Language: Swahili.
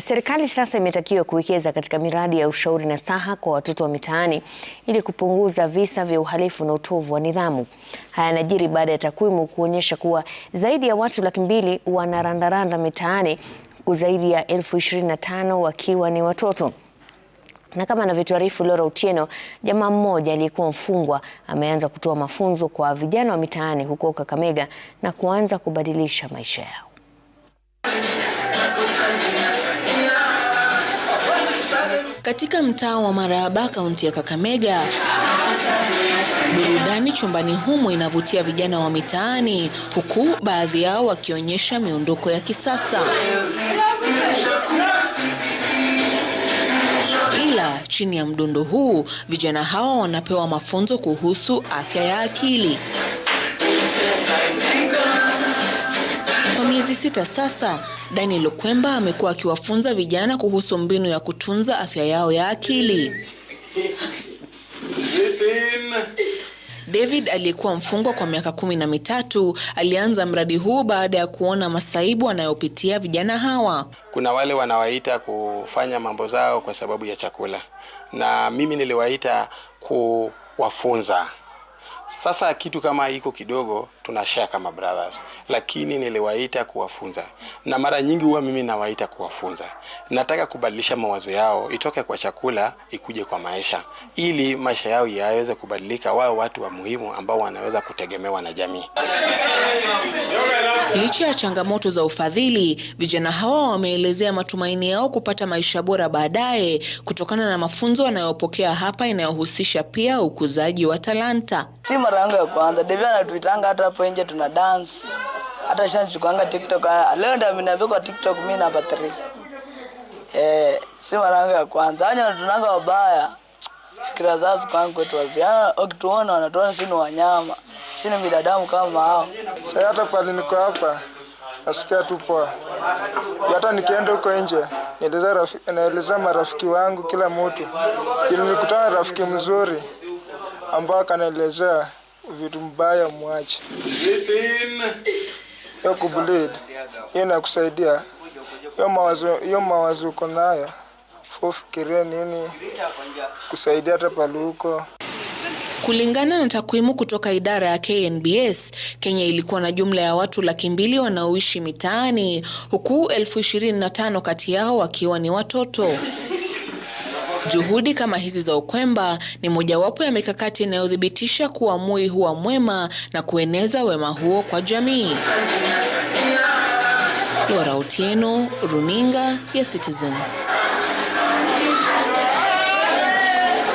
Serikali sasa imetakiwa kuwekeza katika miradi ya ushauri na saha kwa watoto wa mitaani ili kupunguza visa vya uhalifu na utovu wa nidhamu. Haya yanajiri baada ya takwimu kuonyesha kuwa zaidi ya watu laki mbili wanarandaranda mitaani, huku zaidi ya elfu ishirini na tano wakiwa ni watoto. Na kama anavyotuarifu Lora Utieno, jamaa mmoja aliyekuwa mfungwa ameanza kutoa mafunzo kwa vijana wa mitaani huko Kakamega na kuanza kubadilisha maisha yao. katika mtaa wa Maraba, kaunti ya Kakamega. Burudani chumbani humo inavutia vijana wa mitaani, huku baadhi yao wakionyesha miondoko ya kisasa ila chini ya mdundo huu vijana hawa wanapewa mafunzo kuhusu afya ya akili miezi sita sasa, Daniel Kwemba amekuwa akiwafunza vijana kuhusu mbinu ya kutunza afya yao ya akili. David aliyekuwa mfungwa kwa miaka kumi na mitatu alianza mradi huu baada ya kuona masaibu anayopitia vijana hawa. Kuna wale wanawaita kufanya mambo zao kwa sababu ya chakula, na mimi niliwaita kuwafunza sasa kitu kama hiko kidogo tunashare kama brothers, lakini niliwaita kuwafunza, na mara nyingi huwa mimi nawaita kuwafunza. Nataka kubadilisha mawazo yao itoke kwa chakula ikuje kwa maisha, ili maisha yao yaweze kubadilika, wao watu wa muhimu ambao wanaweza kutegemewa na jamii. Licha ya changamoto za ufadhili, vijana hawa wameelezea matumaini yao kupata maisha bora baadaye kutokana na mafunzo wanayopokea hapa, inayohusisha pia ukuzaji wa talanta si mara yangu ya kwanza. Devi anatuitanga hata hapo nje tuna dance. Hata shanchukanga TikTok. Leo ndio ameniambia kwa TikTok mimi namba 3. Eh, si mara yangu ya kwanza. Hanya yaani tunanga wabaya. Fikira zazi kwangu kwetu waziana, yaani wakituona wanatuona sisi ni wanyama. Sisi ni binadamu kama hao. Sasa hata kwa nini niko hapa nasikia tu poa. Hata nikienda huko nje, nieleza rafiki, naeleza marafiki wangu kila mtu. Ili nikutane rafiki mzuri ambayo kanaelezea vitu mbaya mwache. Hiyo kublid hiyo inakusaidia, hiyo mawazo hiyo mawazo uko nayo fufikiria nini kusaidia hata huko. Kulingana na takwimu kutoka idara ya KNBS, Kenya ilikuwa na jumla ya watu laki mbili wanaoishi mitaani, huku elfu ishirini na tano kati yao wakiwa ni watoto. Juhudi kama hizi za Ukwemba ni mojawapo ya mikakati inayothibitisha kuwa Moi huwa mwema na kueneza wema huo kwa jamii. Lora Otieno, Runinga ya Citizen.